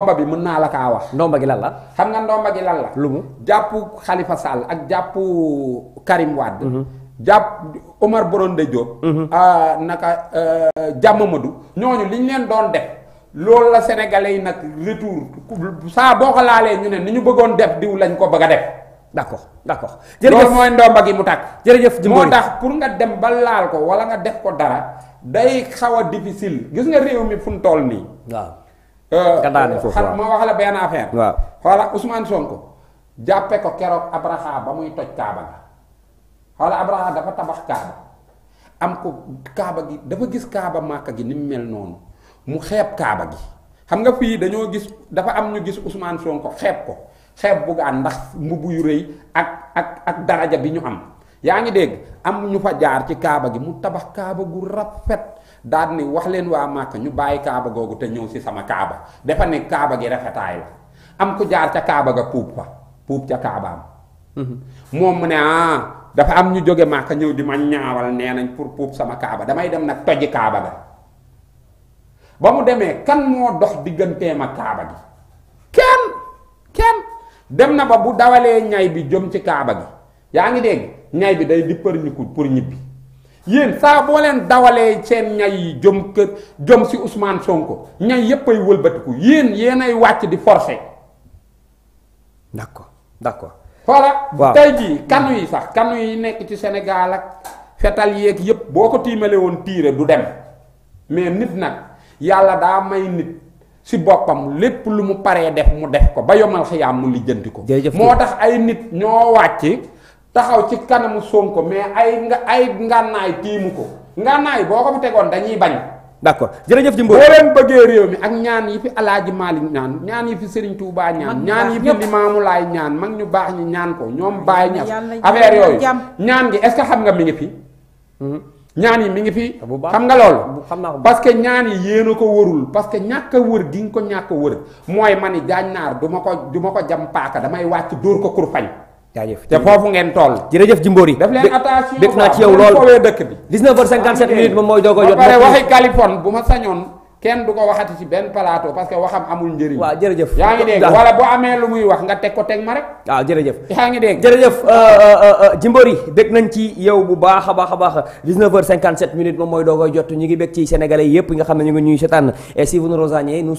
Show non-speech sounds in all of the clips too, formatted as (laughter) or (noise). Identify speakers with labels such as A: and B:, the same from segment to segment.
A: ndomba bi mën naa la kaa wax. ndomba gi lan la. xam nga ndomba gi lan la. lu mu jàpp Khalifa Sall ak jàppu Karim Wade. Mhm. jàpp Omar Boronde Diop. Mhm. Ah, naka euh, jàmm Madou. ñooñu li ñu leen doon def. loolu la sénégalais yi nag retour saa boo ko laalee ñu ne ni ñu bëggoon def diw lañ ko bëgg a def. d' accord d' accord. jërëjëf mooy ndomba gi mu tàkk. jërëjëf Jimbori moo tax pour nga dem ba laal ko wala nga def ko dara day xaw a gis nga réew mi fu mu toll nii. waaw. Euh, nga daane euh, foofu waaw ma wax la benn affaire. waaw xoola Ousmane Sonko. jàppe ko keroog Abraha ba muy toj Kaaba ga xoola Abraha dafa tabax Kaaba am ko Kaaba gi dafa gis Kaaba Màkka gi ni mel noonu mu xeeb Kaaba gi xam nga fii dañoo gis dafa am ñu gis Ousmane Sonko xeeb ko xeeb buggaan ndax mbubb yu rëy ak ak ak daraja bi ñu am. yaa ngi dégg am ñu fa jaar ci kaaba gi mu tabax kaaba gu rafet daal ni wax leen waa Màkka ñu bàyyi kaaba googu te ñëw si sama kaaba dafa ne kaaba gi rafetaay la am ku jaar ca kaaba ga puub fa puub ca kaaba mhm. moom mu ne ah dafa am ñu jóge Màkka ñëw di ma ñaawal nee nañ pour puub sama kaaba damay dem nag toji kaaba ga ba mu demee kan moo dox digganteem ak kaaba gi kenn kenn dem na ba bu dawalee ñay bi jëm ci kaaba gi yaa ngi dégg ñay bi day di përñiku pour ñibbi yéen saa boo leen dawalee seen ñay yi jom kër jom si Ousmane Sonko ñay yépp ay wëlbatiku yéen yéen ay wàcc di forcer. d'accord d'accord. xoola waaw tey jii kanu yi sax kanu yi nekk ci Sénégal ak fetal yeeg yépp boo ko tiimale woon tiire du dem mais nit nag yàlla daa may nit. si boppam lépp lu mu paree def mu def ko ba yomal xiyaam mu lijjanti ko moo tax ay nit ñoo wàcc taxaw ci kanamu Sonko mais ay nga ay ngànnaay tiimu ko ngànnaay boo ko fa tegoon dañuy bañ. d'accord jërëjëf Jimbo boo leen bëggee réew mi ak ñaan yi fi Alaaji Maalik ñaan ñaan yi fi Serigne Touba ñaan ñaan yi fi Limaamu Laay ñaan mag ñu baax ñi ñaan ko ñoom bàyyi ñas affaire yooyu ñaan gi est-ce que xam nga mi ngi fi hmm? ñaan yi mi ngi fi xam nga loolu parce que ñaan yi yéen ko wërul parce que ñàkk a wër gi nga ko ñàkk a wër mooy ma ni jaañ naar du ma ko du ma ko jam paaka damay wàcc dóor ko kurpañ jaajëf te foofu
B: ngeen tool jërëjëf Jimbori. def leen
A: attention def naa ci yow lool
B: 19h57 minutes moom mooy doog a jot. ba pare waxi Californie
A: bu ma sañoon. kenn du ko waxati si benn plateau parce que waxam amul njëriñ. waaw jërëjëf yaa ngi bu amee lu muy wax nga teg ko teg ma rek.
B: waaw jërëjëf yaa ngi dégg. jërëjëf euh, euh, euh, Jimbori bég nañ ci yow bu baax a baax a baax 19h57 minutes moom mooy doo koy jot ñu ngi bég ci sénégalais yépp nga xam ne ñu ngi ñuy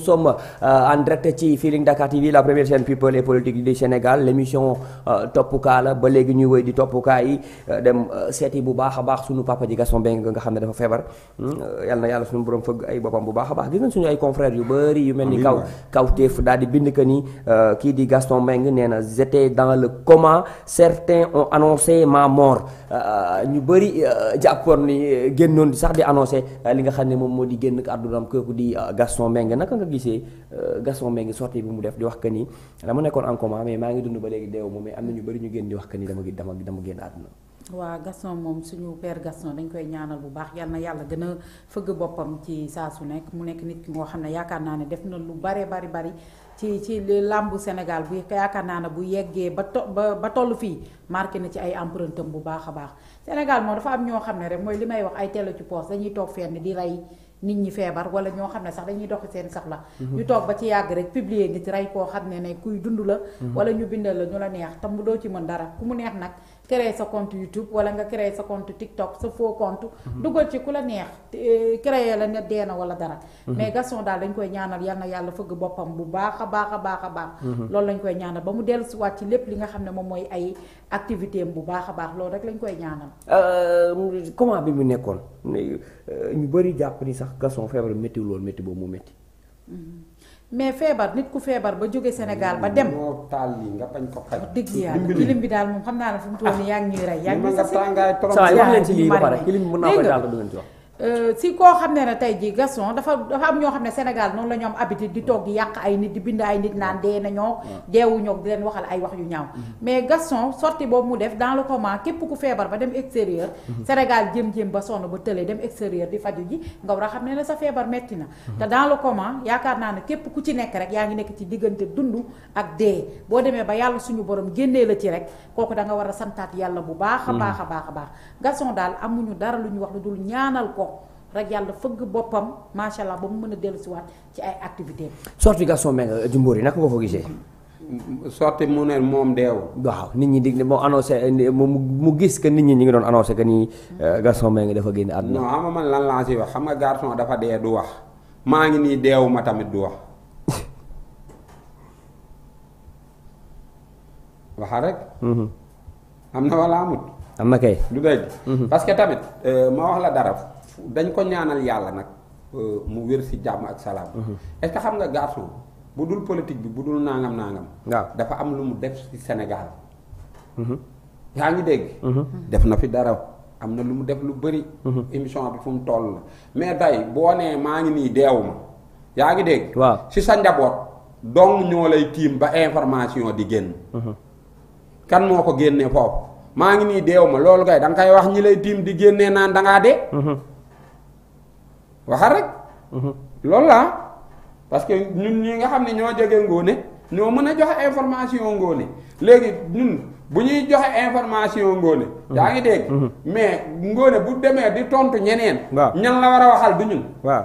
B: en direct ci Feeling Dakar TV la première chaîne people et politique du Sénégal la ba léegi ñuy wéy di Topou yi dem seeti bu baax a baax sunu papa ji Gaston nga xam ne dafa feebar hmm, yal na yàlla sunu borom fëgg ay boppam bu baax baax a suñu ay confrères yu bëri yu mel ni kaw kaw téef daal di bind que ni euh, kii di Gaston Mbengue nee na j'étais dans le coma certains ont annoncé ma mort euh, ñu bëri euh, jàppoon ni génnoon sax di annoncé li nga xam ne moom moo di génn àddunaam kooku di Gaston Mbengue naka nga gisee Gaston Mbengue sortie bi mu def di wax que ni dama nekkoon en coma mais maa ngi dund ba léegi deewu moom mais am na ñu bëri ñu génn di wax que ni dama génn àdduna
C: waa Gaston moom suñu per Gaston dañ koy ñaanal bu baax yal na yàlla gën a fëgg boppam ci saa su nekk mu nekk nit ki ngoo xam ne yaakaar naa ne def na lu bare bari bari ci ci làmbu Sénégal bu yaakaar naa ne bu yeggee ba to ba ba toll fii marqué na ci ay empreinte bu baax a baax Sénégal moom dafa am ñoo xam ne rek mooy li may wax ay télé ci poos dañuy toog fenn di rey nit ñi feebar wala ñoo xam ne sax dañuy doxi seen la mm-hmm. ñu toog ba ci yàgg rek publier nit rey koo xam ne ne kuy dund la mm-hmm. wala ñu bindal la ñu la neex tam ci mën dara ku mu neex nag créer sa compte YouTube wala nga créer sa compte TikTok sa foo compte. dugal ci ku la neex eh, créer la ne deena wala dara. Mhm. mais Gaston daal dañ koy ñaanal yal yàlla fëgg boppam bu baax a baax a baax a baax. Mhm. loolu lañ koy ñaanal ba mu dellu dellusiwaat ci lépp li nga xam ne moom mooy ay activité am bu baax a baax loolu rek lañ koy ñaanal.
B: Euh, comment bi mu nekkoon euh, ñu bëri jàpp ni sax Gaston feebar métti loolu métti boobu mu métti.
C: Mhm. mais feebar nit ku feebar ba jóge Sénégal ba dem moo taal yi nga bañ ko xaj dëgg yàlla kilim bi daal moom xam naa ne fu mu toll nii yaa ngi ñuy rey yaa ngi ñuy rey. saa waay wax leen ci lii ba kilim bi mën naa koy taal du ngeen ci wax Euh, si koo xam ne ne tey jii Gaston dafa dafa am ñoo xam ne Sénégal noonu la ñu am habitude di toog yàq ay nit di bind ay nit naan dee nañoo deewuñoo di leen waxal ay wax yu ñaaw mm-hmm. mais Gaston sorti boobu mu def dans le comment képp ku feebar ba dem extérieur mm-hmm. Sénégal jéem-jéem ba sonn ba tëlee dem extérieur di faju ji nga war a xam ne ne sa feebar metti na te mm-hmm. dans le comment yaakaar naa ne képp ku ci nekk rek yaa ngi nekk ci diggante dund ak dee boo demee yàlla suñu borom génnee la ci rek kooku da nga war a santaat yàlla bu baax baax a baax a baax Gaston daal amuñu dara lu ñu wax lu dul ñaanal ko rek yàlla fëgg boppam macha allah ba mu mën a dellusiwaat ci ay activités.
B: sorti Gaston Mbengue Jimbori euh, naka nga ko gisee.
A: sorti mu ne moom deewul.
B: waaw nit ñi di moo annoncé euh, mu gis que nit ñi ñi ngi doon annoncé que nii euh, Gaston Mbengue dafa génn àdduna. nga
A: man lan laa si wax xam nga garçon dafa dee du wax maa ngi nii deewuma tamit du wax. (laughs) Mm-hmm. am na wala amut. am na kay. du dëgg. Mm-hmm. parce que tamit ma wax la dara. dañ ko ñaanal yàlla nag euh, mu wér si jàmm ak salaam. Mhm. est xam nga garçon bu dul politique bi bu dul nangam naangam waaw dafa am lu mu def si senegal mhm. yaa ngi dégg. Mhm. def na fi dara am na lu mu def lu bëri. émission bi fu mu toll la mais tey boo nee maa ngi nii deewuma yaa ngi dégg. waaw si sa njaboot dong ñoo lay tiim ba information di génn. kan moo ko génnee foofu maa ngi nii deewuma loolu kay da koy wax ñi lay tiim di génnee naan da ngaa waxal rek. Mhm. loolu laa parce que ñun ñi nga xam ne ñoo jege ngóone ñoo mën a joxe information ngóone léegi ñun bu ñuy joxe information ngóone. Mhm. yaa ngi dégg. Mhm. mais ngóone bu demee di tontu ñeneen. ñan la war a waxal bu ñun. waaw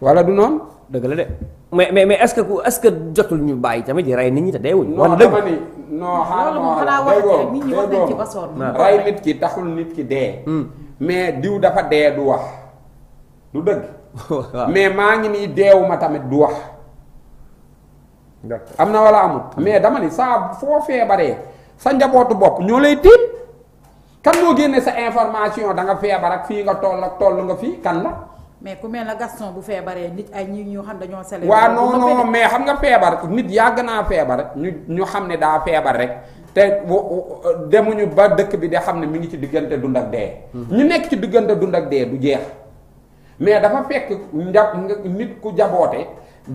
A: wala du noonu. dëgg la de mais mais mais est-ce que jotul ñu bàyyi tamit rey nit ñi te deewuñu. wala dëgg
C: non xaaral ma wax la nit ñi wax ci rey
A: nit ki taxul nit ki dee. Hmm. mais diw dafa dee du wax. du dëgg. (laughs) mais maa ngi nii deewu ma tamit du wax. am na wala amut mm. mais dama ni saa foo feebaree sa njabootu bopp ñoo lay tiit kan moo génne sa information da nga feebar ak fii nga toll ak toll nga fii kan la.
C: mais ku mel ne Gaston bu feebaree nit ay ñi ñoo xam dañoo sele waaw non
A: mais xam nga feebar nit yàgg naa feebar ñu ñu xam ne daa feebar rek. te demuñu ba dëkk bi de xam ne mu ngi ci diggante dund ak dee. Mm-hmm. ñu nekk ci diggante dund ak dee du jeex. mais dafa fekk njab nit ku jaboote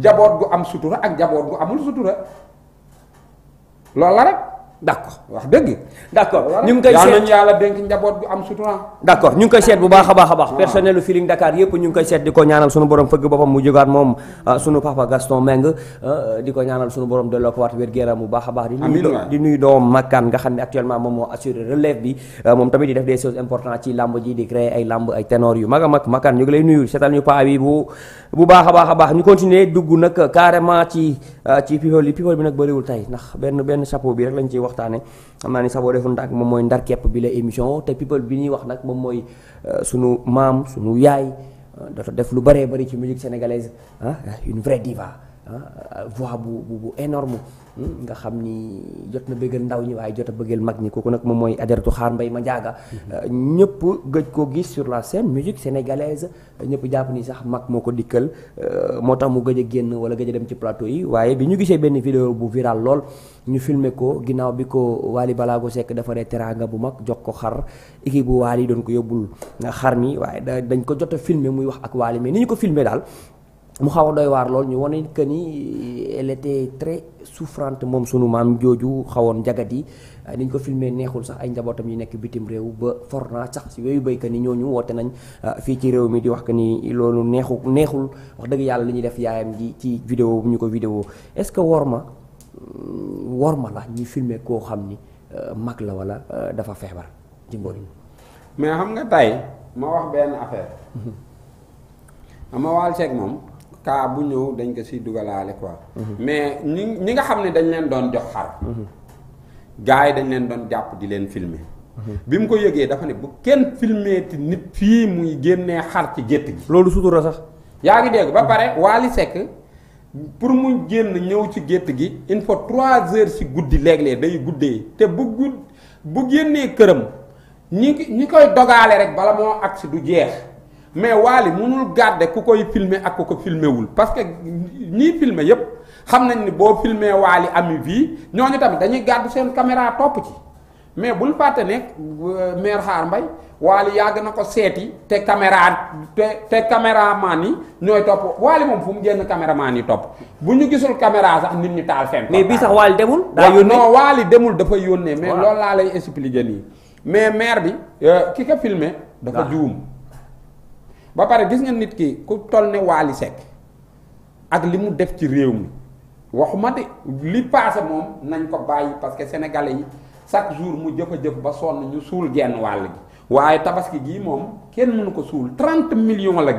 A: jaboot gu am sutura ak jaboot gu amul sutura loolu la rek d' accord wax dëgg. d' accord
B: ñu ngi koy seet yal nañu
A: yàlla dénk njaboot bu am
B: baax a baax a baax. personnel u Feeling Dakar yëpp ñu ngi koy seet di ko ñaanal sunu borom fëgg boppam mu jógaat moom ah, sunu papa Gaston Meng ah, di ko ñaanal sunu borom delloo ko waat wér géeram bu baax a baax. di nuyu doom makkaan nga xam ne actuellement moom moo assuré relève bi ah, moom tamit di def des choses importantes ci làmb di créer ay làmb ay ténor yu mag a mag makkaan ñu ngi lay nuyu seetal ñu paa bi bu baax a baax dugg nag carrément ci Ah, ci people yi people bi nag bëriwul tey ndax benn benn chapeau bi rek lañ ciy waxtaane xam naa ni sax boo defoon moom mooy ndar kepp bi la émission te people bi ñuy wax nag moom mooy ah, sunu maam sunu yaay ah, dafa def lu bëree bari ci musique sénégalaise ah une vraie diva Ah, voix bu bu bu énorme hmm, nga xam ni jot na bëggal ndaw ñi waaye jot a bëggal mag ñi ko ko nag moom mooy ajaratu xaar mbay ma jaaga mhm. ah, ñëpp gëj koo gis sur la scène musique sénégalaise ñëpp jàpp nii sax mag moo ko dikkal ah, moo tax mu gëj a génn wala gëj a dem ci plateau yi waaye bi ñu gisee benn vidéo bu viral lool ñu filmer ko ginnaaw bi ko balaa Ballago sekk defaree teraanga bu mag jox ko xar équipe bu Wally doon ko yóbbul xar mi waaye dañ ko jot a filmer muy wax ak Wally mais ni ñu ko filmer daal mu xaw a doy waar lool ñu wane que ni elle était très moom sunu maam jooju xawoon njagat yi euh, ni ko filmé neexul sax ay njabootam yi nekk bitim réew ba forna sax si wéyu béykat yi ñooñu woote nañ euh, fii ci réew mi di wax que ni loolu neexu neexul wax dëgg yàlla li ñuy def yaayam ji ci vidéo bu ñu ko vidéo est-ce que wor ma mm, wor ma la ñuy filmé koo xam ni euh, mag la walla dafa feebar Jimbori.
A: mais xam nga tey ma wax benn affaire. Mhm. xam nga Wally moom. kaa bu ñëw dañ ko si dugalaale quoi. Mhm. mais ñi ñi nga xam ne dañ leen doon jox xar. Mhm. gars yi dañ leen doon jàpp di leen filmer. Mhm. bi mu ko yëgee dafa ne bu kenn filmé ti nit fii muy génnee xar ci gétt gi. loolu sutura sax. yaa ngi dégg ba pare Waly sekk pour mu génn ñëw ci gétt gi il faut trois heures si guddi léeg-léeg day guddee te bu gudd bu génnee këram ñi ñi koy dogaale rek bala moo agsi du jeex. mais Wally mënul garder ku koy filmer ak ku ko filmer wul parce que ñii filmer yépp xam nañ ni boo filmer Wally ami vie ñooñu tamit dañuy garder seen caméra topp ci mais bul fàtte ne euh, mair Xaar Mbay Wally yàgg na ko seeti te caméra te te caméraman yi ñooy topp Wally moom fu mu génn caméraman yi topp bu ñu gisul caméra sax nit ñi taal seen. mais bii sax Wally demul. daa yónnee non demul dafa yónnee. mais loolu laa lay expliquer nii mais maire bi euh, ki ko filmer dafa juum. ba pare gis nga nit ki ku toll ne Waly Seck ak li mu def ci réew mi waxuma de li paase moom nañ ko bàyyi parce que sénégalais yi chaque jour mu jëfa-jëf ba sonn ñu suul genn wàll gi waaye tabaski gii moom kenn mënu ko suul 30 millions la